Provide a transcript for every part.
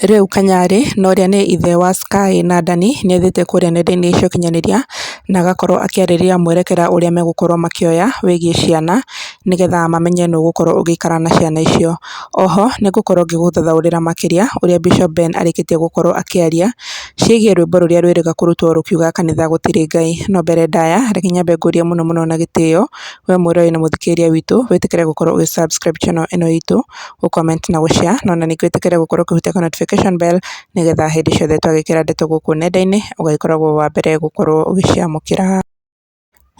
Rĩu Kanyarĩ na ũrĩa nĩ ithe wa Sky na Danny nĩethete kũrĩa nenda-inĩ cia ũkinyanĩria na agakorwo akĩarĩria mwerekera ũrĩa megũkorwo makĩoya wĩgiĩ ciana nĩgetha mamenye nũũ ũgũkorwo ũgĩikara na ciana icio. Oho nĩngũkorwo ngĩgũthathaũrĩra makĩria ũrĩa Bishop Ben arĩkĩtie gũkorwo akĩaria ciĩgiĩ rwĩmbo rũrĩa rwĩrĩga kũrutwo rũkiuga kanitha gũtirĩ Ngai. No mbere ndaya, reke nyambe ngũrie mũno mũno na gĩtĩo, we mwĩroreri na mũthikĩrĩria witũ, wĩtĩkĩre gũkorwo ũgĩ subscribe channel ĩno itũ, gũ comment na gũ share, na ona ningĩ wĩtĩkĩre gũkorwo ũkĩhutia ka notification bell, nĩgetha hĩndĩ ciothe twagĩkĩra ndeto gũkũ nenda-inĩ, ũgagĩkoragwo wa mbere gũkorwo ũgĩciamũkĩra.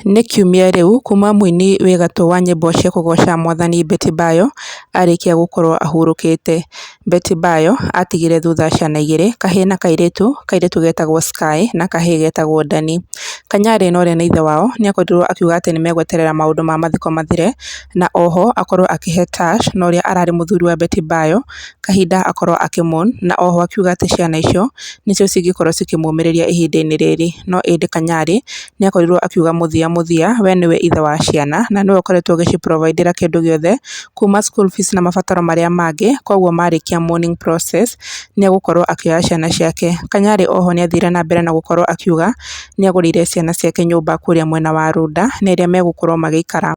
Nĩ kiumia rĩu kuma mũini wĩ gatũ wa nyĩmbo cia kũgoca Mwathani Betty Bayo arĩkia gũkorwo ahurũkĩte. Betty Bayo atigire thutha ciana igĩrĩ, kahĩĩ na kairĩtu, kairĩtu getagwo Sky na kahĩĩ getagwo Danny. Kanyarĩ na ũrĩa nĩ ithe wao nĩakorirwo akiuga atĩ nĩmegweterera maũndũ ma mathiko mathire, na oho akorwo akĩhe Tash na ũrĩa ararĩ mũthuri wa Betty Bayo kahinda akorwo akĩ mourn na oho akiuga atĩ ciana icio nĩcio cingĩkorwo cikĩmũmĩrĩria ihinda-inĩ rĩrĩ, no ĩndĩ Kanyarĩ nĩakorirwo akiuga mũthia gĩa mũthia we nĩwe ithe wa ciana na nĩwe ũkoretwo ũgĩciprovaidĩra kĩndũ gĩothe kuma school fees na mabataro marĩa mangĩ, koguo marĩkia mourning process nĩegũkorwo akĩoya ciana ciake. Kanyarĩ oho athire na mbere na gũkorwo akiuga nĩagũrĩire ciana ciake nyũmba kũrĩa mwena wa Runda na ĩrĩa megũkorwo magĩikara.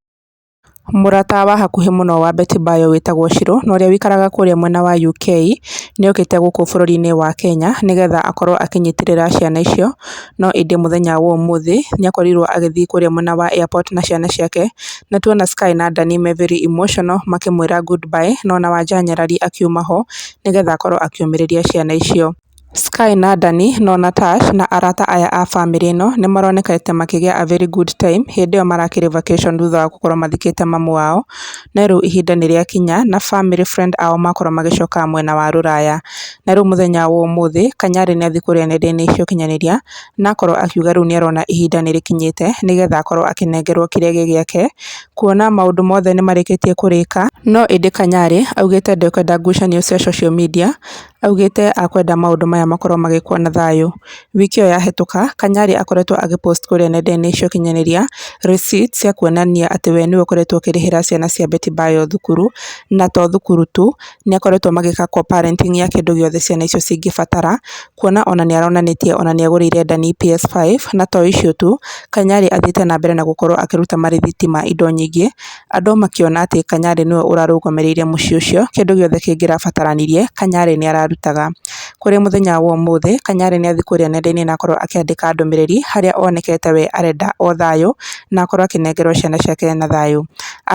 Mũrata wa hakuhĩ mũno wa Beti Bayo wĩtagwo Shiro, na ũrĩa ũikaraga kũrĩa mwena wa UK, nĩokĩte gũkũ bũrũri-inĩ wa Kenya nĩgetha akorwo akĩnyitĩrĩra ciana icio, no ĩndĩ mũthenya wa ũmũthĩ nĩakorirwo agĩthiĩ kũrĩa mwena wa airport na ciana ciake, na tuona Sky na Danny me very emotional makĩmwĩra goodbye, no ona Wanja Nyarari akiuma ho nĩgetha akorwo akĩũmĩrĩria ciana icio. Sky na Dani no Natash na arata aya a bamĩrĩ ĩno nĩmaronekete makĩgĩa a very good time hĩndĩ ĩyo marakĩrĩ vacation thutha wa gũkorwo mathikĩte mamu wao na rĩu ihinda nĩrĩakinya na family friend ao makorwo magĩcoka mwena wa rũraya na rĩu mũthenya wa ũmũthĩ Kanyarĩ nĩathiĩ kũrĩa nenda-inĩ cia ũkinyanĩria na akorwo akiuga rĩu nĩarona ihinda nĩrĩkinyĩte nĩgetha akorwo akĩnengerwo kĩrĩa gĩake kuona maũndũ mothe nĩmarĩkĩtie kũrĩka no ĩndĩ Kanyarĩ augĩte ndekwenda ngucanio cia social media Augite akwenda maũndũ maya makorwo magĩkwo na thayũ. Wiki ya hetuka Kanyari akoretwo agipost kuri kũrĩa nenda-inĩ cia ũkinyanĩria receipts cia kuonania ati we nĩwe ũkoretwo ũkĩrĩhĩra ciana cia Beti bio thukuru, na to thukuru tu, ni nĩakoretwo magika co-parenting ya kindu gĩothe ciana icio singifatara kuona ona ni nĩaronanĩtie ona ni agurire Dani PS5 na to icio tu, Kanyari athite na mbere na gũkorwo akiruta marithiti ma indo nyingĩ, andũ makiona ati Kanyari nĩwe ũrarũgamĩrĩire mũciĩ ũcio, kĩndũ gĩothe kĩngĩrabataranirie Kanyari ni ara taga Kũrĩ mũthenya wa ũmũthĩ, Kanyari nĩ athiĩ kũrĩa nenda-inĩ na akorwo akĩandĩka ndũmĩrĩri harĩa onekete we arenda o thayũ na akorwo akĩnengerwo ciana ciake na thayũ.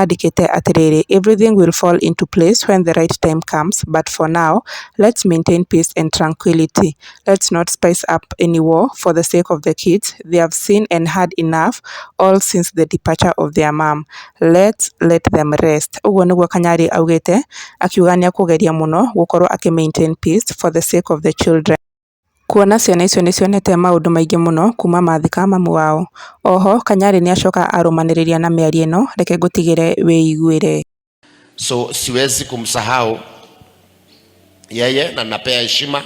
Andĩkĩte atĩrĩrĩ, "Everything will fall into place when the right time comes but for now, let's maintain peace and tranquility. Let's not spice up any war for the sake of the kids. They have seen and heard enough all since the departure of their mom. Let's let them rest." Ũguo nĩguo Kanyari augĩte, akiuga nĩ nĩekũgeria mũno gũkorwo akĩ maintain peace for the sake of of the Children kuona ciana icio nĩcionete maũndũ maingĩ muno kuma mathika mamu wao. Oho ni nĩacoka arũmanĩrĩria na mĩario ĩno reke ngũtigĩre wĩiguĩre. So siwezi kumsahau yeye na napea heshima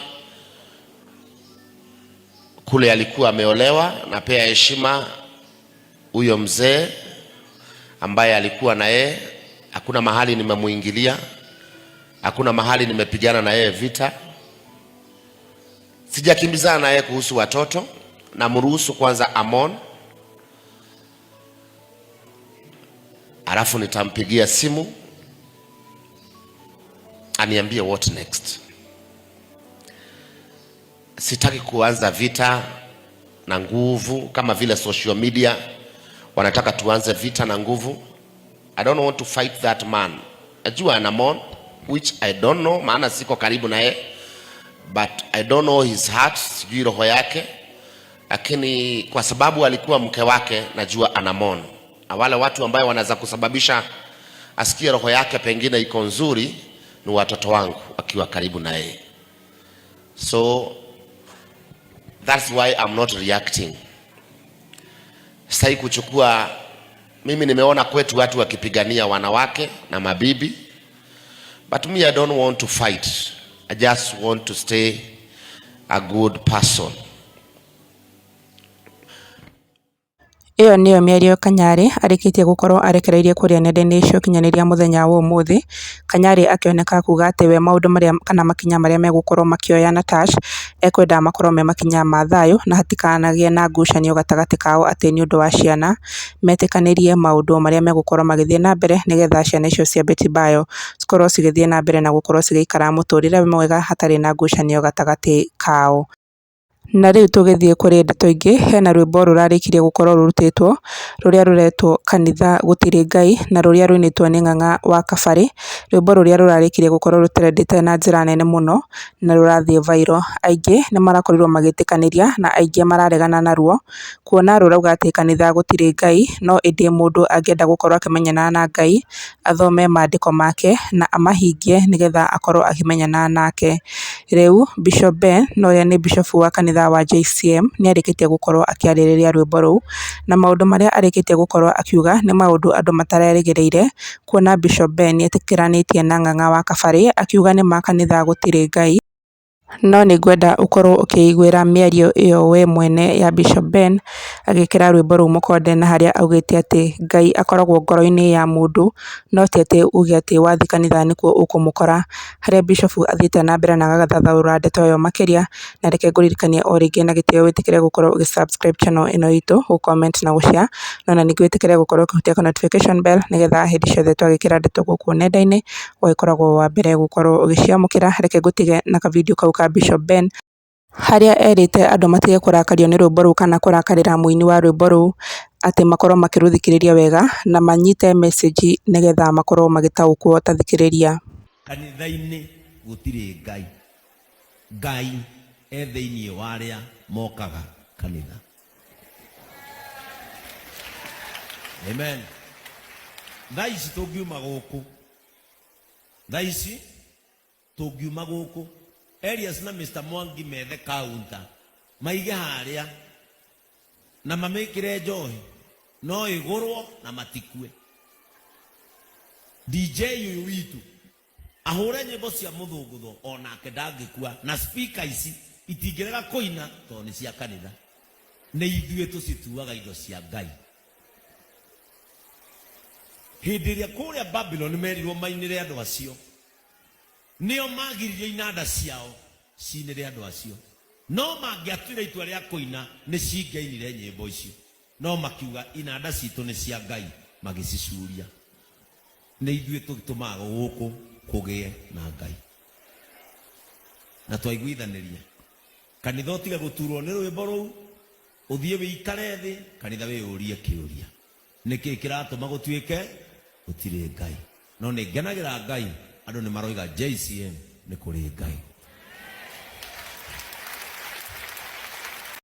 kule alikuwa ameolewa, napea heshima huyo mzee ambaye alikuwa na yeye. Hakuna mahali nimemuingilia, hakuna mahali nimepigana na yeye vita Sijakimbizana naye kuhusu watoto, namruhusu kwanza Amon, alafu nitampigia simu aniambie what next. Sitaki kuanza vita na nguvu kama vile social media wanataka tuanze vita na nguvu. I don't want to fight that man. Najua Amon which I don't know, maana siko karibu naye but I don't know his heart, sijui roho yake, lakini kwa sababu alikuwa mke wake najua anamon. Na wale watu ambao wanaweza kusababisha asikie roho yake pengine iko nzuri ni watoto wangu akiwa karibu na yeye, so that's why I'm not reacting. Sasa kuchukua mimi nimeona kwetu watu wakipigania wanawake na mabibi, but me I don't want to fight I just want to stay a good person. ĩyo nĩyo mĩario Kanyarĩ arĩkĩtie gũkorwo arekereirie kũrĩa nenda-inĩ cia ũkinyanĩria mũthenya wa ũmũthĩ, Kanyari akĩoneka kuuga atĩ we maũndũ marĩa kana makinya marĩa megũkorwo makĩoya na Tash, ekwenda makorwo me makinya ma thayũ na hatikanagĩe na ngucanio gatagatĩ kao atĩ nĩ ũndũ wa ciana, metĩkanĩrie maũndũ marĩa megũkorwo magĩthiĩ na mbere nĩgetha ciana icio cia Beti Bayo cikorwo cigĩthiĩ na mbere na gũkorwo cigĩikara mũtũrĩre mwega hatarĩ na ngucanio gatagatĩ kao. Na rĩu tũgĩthiĩ kũrĩ ndeto ingĩ, hena rwĩmbo rũrarĩkirie gũkorwo rũrutĩtwo, rũrĩa rũretwo kanitha gũtirĩ Ngai, na rũrĩa rũinĩtwo nĩ Ng'ang'a wa Kabarĩ, rwĩmbo rũrĩa rũrarĩkirie gũkorwo rũtrendete na njĩra nene mũno, na rũrathiĩ vairo Aingĩ nĩ marakorirwo magĩtĩkanĩria na aingĩ mararegana naruo, kuona rũrauga atĩ kanitha gũtirĩ Ngai, no ĩndĩ mũndũ angĩenda gũkorwo akĩmenyana na Ngai, athome maandĩko make, na amahingie nĩgetha akorwo akĩmenyana nake. Riu Bishop Ben na uria ni bishop wa kanitha wa JCM ni arikitie gukorwo akiaririria rwimbo ruu na maundu maria arikitie gukorwo akiuga ni maundu andu matarerigereire kuona Bishop Ben nietikiranitie na Ng'ang'a wa Kabarĩ akiuga nima kanitha gutiri Ngai No nĩngwenda ũkorwo ũkĩiguĩra mĩario ĩyo we mwene ya Bishop Ben agĩkĩra rwĩmbo rũu mũkonde na harĩa augĩte atĩ Ngai akoragwo ngoro-inĩ ya mũndũ no ti atĩ uge atĩ wathiĩ kanitha nĩkuo ũkũmũkora, harĩa Bishop athiĩte na mbere na agathathaũra ndeto ĩyo makĩria, na reke ngũririkanie o rĩngĩ na gĩtĩo wĩtĩkĩre gũkorwo ũgĩ subscribe channel ĩno itũ, gũ comment na gũ share, no na ningĩ wĩtĩkĩre gũkorwo ũkĩhutia notification bell nĩgetha hĩndĩ ciothe twagĩkĩra ndeto gũkũ nenda-inĩ ũgĩkoragwo wa mbere gũkorwo ũgĩciamũkĩra, reke ngũtige na ka video kau ka Bishop Ben harĩa erĩte andũ matige kũrakario nĩ rwĩmbo rũu kana kũrakarĩra mũini wa rwĩmbo rũu, atĩ makorwo makĩrũthikĩrĩria wega na manyite message nĩgetha makorwo magĩtaũkwo ta thikĩrĩria. Kanitha-inĩ gũtirĩ Ngai, Ngai e thĩiniĩ wa arĩa mokaga kanitha. Amen. Thaa ici tũngiuma gũkũ, thaa ici tũngiuma gũkũ Elias na Mr. Mwangi methe kaunta maige haria na mamikire njohi no igurwo na matikue. DJ uyu witu ahure nyimbo cia muthungutho onake ndangikua na spika ici itingirega kuina to ni cia kanitha nä ithuä tå cituaga indo cia ngai hä ndä ä rä a kå babiloni merirwo mainire re acio nio magiririe inanda ciao cinire andu acio no mangiatuire itua ria kuina ni cingainire nyimbo icio no makiuga inanda citu ni cia ngai magicicuria ni ithuä tå maga gå na ngai na twaiguithaniria kanitha å guturwo ni rwimbo nä rwä wiikare thi kanitha wiurie kiuria rie kä å ria nä ngai no nä ngenagä ngai Andu ni maroiga JCM ni kuri Ngai